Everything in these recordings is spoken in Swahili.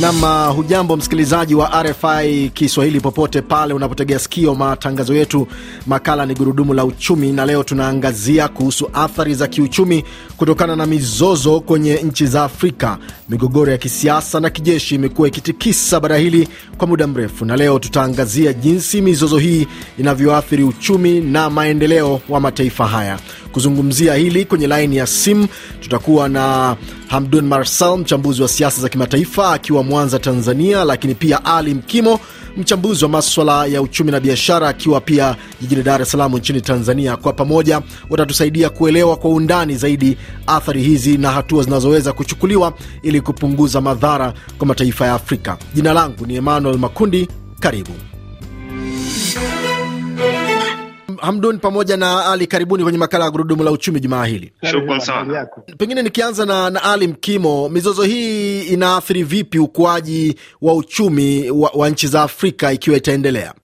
Nam, uh, hujambo msikilizaji wa RFI Kiswahili popote pale unapotegea sikio matangazo yetu. Makala ni gurudumu la uchumi, na leo tunaangazia kuhusu athari za kiuchumi kutokana na mizozo kwenye nchi za Afrika. Migogoro ya kisiasa na kijeshi imekuwa ikitikisa bara hili kwa muda mrefu, na leo tutaangazia jinsi mizozo hii inavyoathiri uchumi na maendeleo wa mataifa haya. Kuzungumzia hili kwenye laini ya simu tutakuwa na Hamdun Marsal, mchambuzi wa siasa za kimataifa akiwa Mwanza, Tanzania, lakini pia Ali Mkimo, mchambuzi wa maswala ya uchumi na biashara akiwa pia jijini Dar es Salaam nchini Tanzania. Kwa pamoja watatusaidia kuelewa kwa undani zaidi athari hizi na hatua zinazoweza kuchukuliwa ili kupunguza madhara kwa mataifa ya Afrika. Jina langu ni Emmanuel Makundi, karibu. Hamdun pamoja na Ali, karibuni kwenye makala ya gurudumu la uchumi jumaa hili. sana. Pengine nikianza na, na Ali Mkimo, mizozo hii inaathiri vipi ukuaji wa uchumi wa, wa nchi za Afrika ikiwa itaendelea?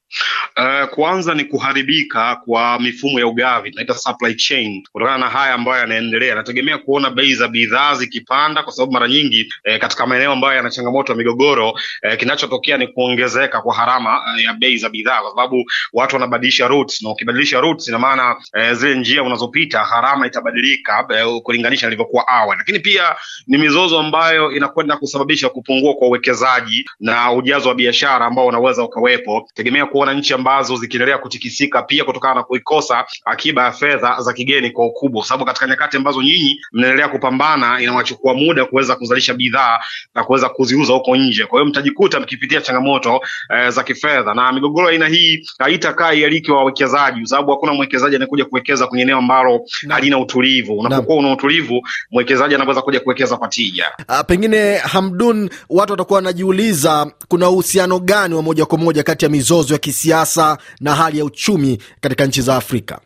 Uh, kwanza ni kuharibika kwa mifumo ya ugavi tunaita supply chain, kutokana na haya ambayo yanaendelea. Nategemea kuona bei za bidhaa zikipanda, kwa sababu mara nyingi eh, katika maeneo ambayo yana changamoto ya migogoro eh, kinachotokea ni kuongezeka kwa harama eh, ya bei za bidhaa, kwa sababu watu wanabadilisha routes, na ukibadilisha routes ina maana eh, zile njia unazopita harama itabadilika eh, kulinganisha ilivyokuwa awali. Lakini pia ni mizozo ambayo inakwenda kusababisha kupungua kwa uwekezaji na ujazo wa biashara ambao unaweza ukawepo. Tegemea kuona kuona nchi ambazo zikiendelea kutikisika pia kutokana na kuikosa akiba ya fedha za kigeni kwa ukubwa, kwa sababu katika nyakati ambazo nyinyi mnaendelea kupambana, inawachukua muda kuweza kuzalisha bidhaa na kuweza kuziuza huko nje. Kwa hiyo mtajikuta mkipitia changamoto eh, za kifedha, na migogoro aina hii haitakaa ialiki wa wawekezaji, kwa sababu hakuna mwekezaji anayekuja kuwekeza kwenye eneo ambalo halina utulivu. Unapokuwa una utulivu, mwekezaji anaweza kuja kuwekeza kwa tija. Ah, pengine Hamdun, watu watakuwa wanajiuliza kuna uhusiano gani wa moja kwa moja kati ya mizozo ya kisiasa na hali ya uchumi katika nchi za Afrika?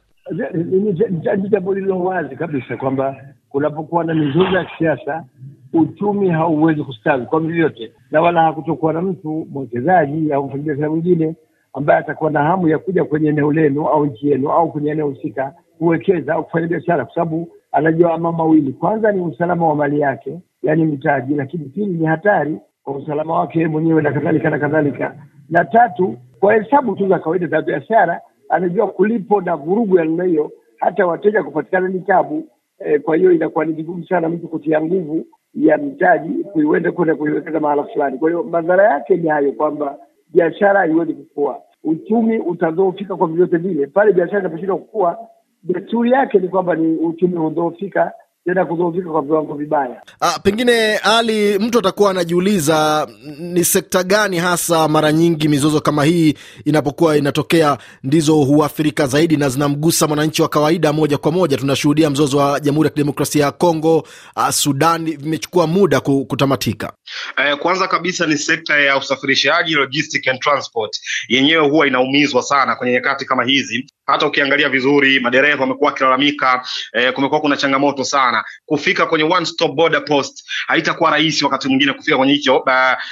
Ni jambo lililo wazi kabisa kwamba kunapokuwa na mizozo ya kisiasa uchumi hauwezi kustawi kwa vyovyote, na wala hakutokuwa na mtu mwekezaji au mfanyabiashara mwingine ambaye atakuwa na hamu ya kuja kwenye eneo lenu au nchi yenu au kwenye eneo husika kuwekeza au kufanya biashara, kwa sababu anajua ama mawili. Kwanza ni usalama wa mali yake, yani mtaji, lakini pili ni hatari kwa usalama wake mwenyewe na kadhalika na kadhalika, na tatu kwa hesabu tu za kawaida za biashara, anajua kulipo na vurugu ya namna hiyo, hata wateja kupatikana ni tabu e. Kwa hiyo inakuwa ni vigumu sana mtu kutia nguvu ya mtaji kuiwenda kwenda kuiwekeza mahala fulani. Kwa hiyo madhara yake ni hayo, kwamba biashara haiwezi kukua, uchumi utadhoofika kwa vyovyote vile. Pale biashara inaposhindwa kukua, desturi yake ni kwamba ni uchumi hudhoofika tena kuzozika kwa viwango vibaya. Ah, pengine hali mtu atakuwa anajiuliza ni sekta gani hasa mara nyingi mizozo kama hii inapokuwa inatokea ndizo huathirika zaidi na zinamgusa mwananchi wa kawaida moja kwa moja. Tunashuhudia mzozo wa Jamhuri ya Kidemokrasia ya Kongo, ah, Sudani, vimechukua muda kutamatika. Eh, kwanza kabisa ni sekta ya usafirishaji, logistic and transport, yenyewe huwa inaumizwa sana kwenye nyakati kama hizi, hata ukiangalia vizuri madereva wamekuwa wakilalamika eh, kumekuwa kuna changamoto sana kufika kwenye one stop border post haitakuwa rahisi wakati mwingine kufika kwenye hicho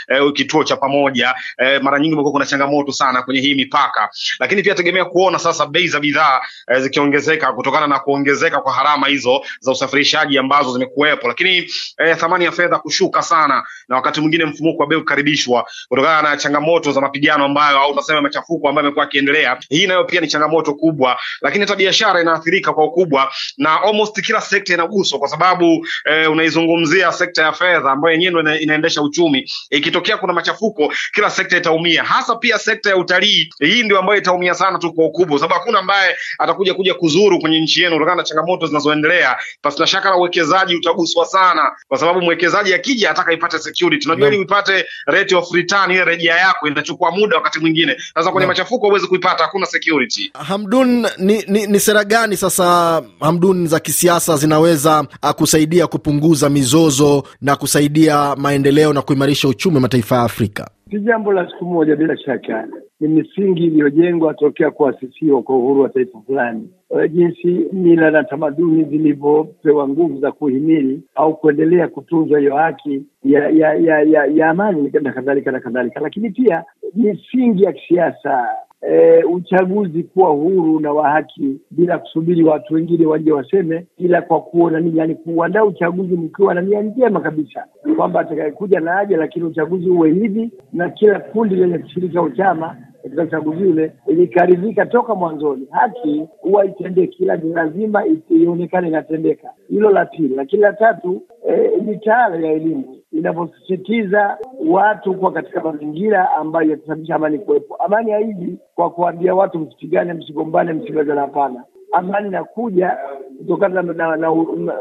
eh, kituo cha pamoja eh, mara nyingi umekuwa kuna changamoto sana kwenye hii mipaka lakini pia tegemea kuona sasa bei za bidhaa eh, zikiongezeka kutokana na kuongezeka kwa harama hizo za usafirishaji ambazo zimekuwepo lakini eh, thamani ya fedha kushuka sana na wakati mwingine mfumuko wa bei kukaribishwa kutokana na changamoto za mapigano ambayo au tunasema machafuko ambayo yamekuwa yakiendelea hii nayo pia ni changamoto ukubwa, lakini hata biashara inaathirika kwa ukubwa, na almost kila sekta inaguswa, kwa sababu eh, unaizungumzia sekta ya fedha ambayo yenyewe ndio inaendesha uchumi. Ikitokea kuna machafuko, kila sekta itaumia, hasa pia sekta ya utalii. Hii ndio ambayo itaumia sana tu kwa ukubwa, sababu hakuna ambaye atakuja kuja kuzuru kwenye nchi yenu kutokana na changamoto zinazoendelea. Pasi na shaka la uwekezaji utaguswa sana, kwa sababu mwekezaji akija ataka ipate security. Unajua ili uipate rate of return, ile rejea yako inachukua muda wakati mwingine. Sasa kwenye machafuko huwezi kuipata, hakuna security Hamdu Hamdun, ni, ni, ni sera gani sasa Hamdun za kisiasa zinaweza ah, kusaidia kupunguza mizozo na kusaidia maendeleo na kuimarisha uchumi wa mataifa ya Afrika? Si jambo la siku moja, bila shaka ni misingi iliyojengwa tokea kuasisiwa kwa uhuru wa taifa fulani, eh, jinsi mila na tamaduni zilivyopewa nguvu za kuhimili au kuendelea kutunzwa hiyo haki ya ya ya ya amani na kadhalika na kadhalika, lakini pia misingi ya kisiasa e, uchaguzi kuwa huru na wa haki bila kusubiri watu wengine waje waseme, ila kwa kuona nini, yani kuandaa uchaguzi mkiwa na nia njema kabisa kwamba atakayekuja na aje, lakini uchaguzi uwe hivi na kila kundi lenye kushirika uchama katika uchaguzi ule ilikaridhika toka mwanzoni, haki huwa itendeki, ila ni lazima ionekane inatendeka. Hilo la pili. Lakini la tatu, eh, mitaala ya elimu inavyosisitiza watu kuwa katika mazingira ambayo yatasababisha amani kuwepo. Amani haiji kwa kuambia watu msipigane, msigombane, msigazana, hapana ambayo inakuja kutokana na, na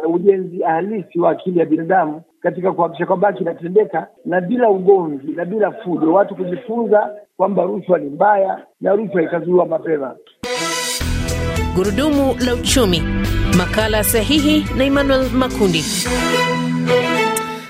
ujenzi halisi wa akili ya binadamu katika kuhakikisha kwamba kinatendeka na bila ugomvi na bila fujo, watu kujifunza kwamba rushwa ni mbaya na rushwa ikazuiwa mapema. Gurudumu la Uchumi, makala sahihi na Emmanuel Makundi.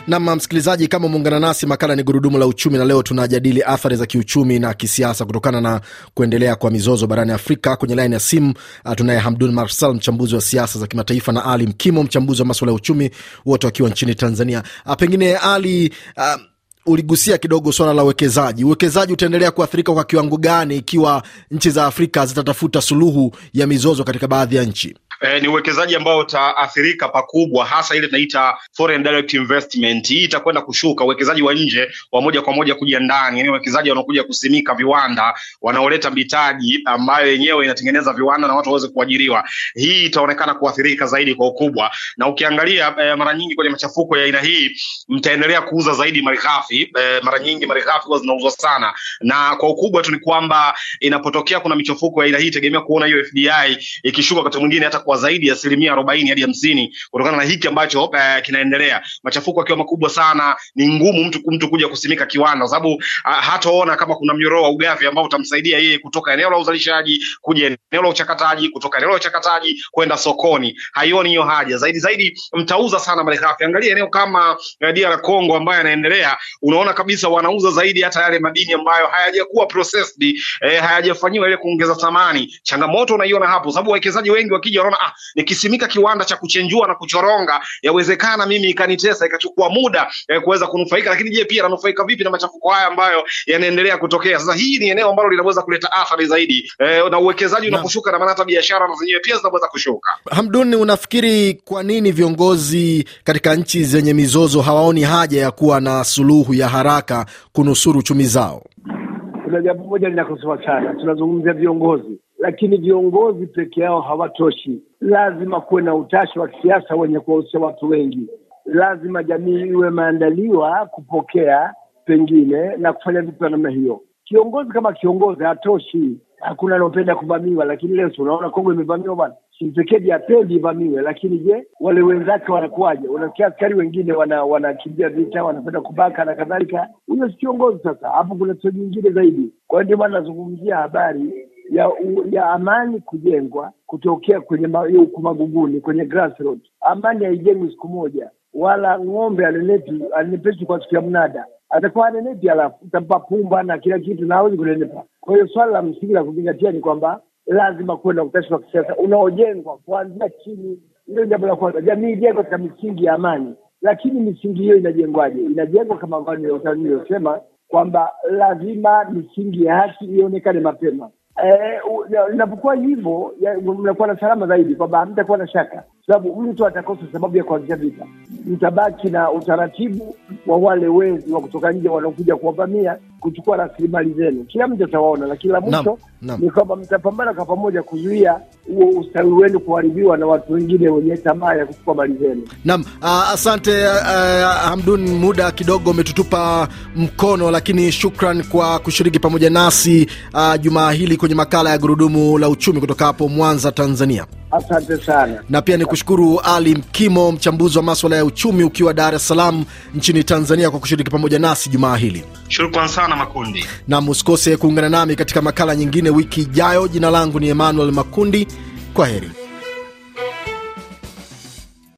Nam msikilizaji, kama umeungana nasi, makala ni gurudumu la uchumi, na leo tunajadili athari za kiuchumi na kisiasa kutokana na kuendelea kwa mizozo barani Afrika. Kwenye laini ya simu ah, tunaye Hamdun Marsal, mchambuzi wa siasa za kimataifa na Ali Mkimo, mchambuzi wa maswala ya uchumi, wote wakiwa nchini Tanzania. Ah, pengine Ali, uh, uligusia kidogo swala la uwekezaji. Uwekezaji utaendelea kuathirika kwa kiwango gani ikiwa nchi za Afrika zitatafuta suluhu ya mizozo katika baadhi ya nchi? eh, ni uwekezaji ambao utaathirika pakubwa, hasa ile tunaita foreign direct investment. Hii itakwenda kushuka, uwekezaji wa nje wa moja kwa moja kuja ndani, yani wawekezaji wanaokuja kusimika viwanda, wanaoleta mitaji ambayo yenyewe inatengeneza viwanda na watu waweze kuajiriwa. Hii itaonekana kuathirika zaidi kwa ukubwa, na ukiangalia eh, mara nyingi kwenye machafuko ya aina hii mtaendelea kuuza zaidi malighafi eh, mara nyingi malighafi huwa zinauzwa sana, na kwa ukubwa tu ni kwamba inapotokea kuna michafuko ya aina hii, tegemea kuona hiyo FDI ikishuka wakati mwingine hata kwa kwa zaidi ya asilimia arobaini hadi hamsini kutokana na hiki ambacho eh, kinaendelea. Machafuko akiwa makubwa sana, ni ngumu mtu mtu kuja kusimika kiwanda, kwa sababu ah, hataona kama kuna mnyororo wa ugavi ambao utamsaidia yeye kutoka eneo la uzalishaji kuja eneo la uchakataji, kutoka eneo la uchakataji kwenda sokoni. Haioni hiyo haja zaidi zaidi, mtauza sana malighafi. Angalia eneo kama eh, DR Congo ambayo yanaendelea, unaona kabisa wanauza zaidi hata yale madini ambayo hayajakuwa processed, eh, hayajafanyiwa ile kuongeza thamani. Changamoto unaiona hapo, sababu wawekezaji wengi wakija kama ah, nikisimika kiwanda cha kuchenjua na kuchoronga, yawezekana mimi ikanitesa ikachukua muda eh, kuweza kunufaika, lakini je, pia nanufaika vipi na machafuko haya ambayo yanaendelea kutokea sasa? Hii ni eneo ambalo linaweza kuleta athari zaidi eh, na uwekezaji unaposhuka, na maana hata biashara na zenyewe pia zinaweza kushuka. Hamdun, unafikiri kwa nini viongozi katika nchi zenye mizozo hawaoni haja ya kuwa na suluhu ya haraka kunusuru uchumi zao? Kuna jambo moja linakosoa sana, tunazungumzia viongozi lakini viongozi peke yao hawatoshi. Lazima kuwe na utashi wa kisiasa wenye kuwahusisha watu wengi. Lazima jamii iwe imeandaliwa kupokea pengine na kufanya vitu namna hiyo. Kiongozi kama kiongozi hatoshi. Hakuna anaopenda kuvamiwa, lakini leo tunaona Kongo imevamiwa bwana. Simpekedi apendi ivamiwe, lakini je, wale wenzake wanakuwaje? Unasikia askari wengine wanakimbia wana vita, wanapenda kubaka na kadhalika. Huyo si kiongozi. Sasa hapo kuna tatizo nyingine zaidi. Kwa hiyo ndio maana nazungumzia habari ya, ya amani kujengwa kutokea kwenye ma, maguguni kwenye grassroots. Amani haijengwi siku moja, wala ng'ombe alinepeshi kwa siku ya mnada atakuwa anenepi, alafu utampa pumba na kila kitu na hawezi kunenepa. Kwa hiyo swala la msingi la kuzingatia ni kwamba lazima kuwe na utashi wa kisiasa unaojengwa kuanzia chini. Hilo jambo la kwanza, jamii ijengwa katika misingi ya amani. Lakini misingi hiyo inajengwaje? Inajengwa kama ambavyo nilivyosema kwamba lazima misingi ya haki ionekane mapema. Eh, inapokuwa hivo hivyo mnakuwa na salama zaidi, kwamba hamtakuwa na shaka, sababu mtu atakosa sababu ya kuanzisha vita mtabaki na utaratibu wa wale wezi wa kutoka nje wanaokuja kuwavamia kuchukua rasilimali zenu. Kila mtu atawaona, lakini la mwisho ni kwamba mtapambana kwa pamoja kuzuia huo ustawi wenu kuharibiwa na watu wengine wenye tamaa ya kuchukua mali zenu. Naam, asante uh, Hamdun, muda kidogo umetutupa mkono, lakini shukran kwa kushiriki pamoja nasi uh, jumaa hili kwenye makala ya Gurudumu la Uchumi kutoka hapo Mwanza, Tanzania. Asante sana. Na pia ni kushukuru Ali Mkimo, mchambuzi wa maswala ya uchumi, ukiwa Dar es Salaam nchini Tanzania, kwa kushiriki pamoja nasi jumaa hili. Shukran sana Makundi, na musikose kuungana nami katika makala nyingine wiki ijayo. Jina langu ni Emmanuel Makundi. Kwa heri.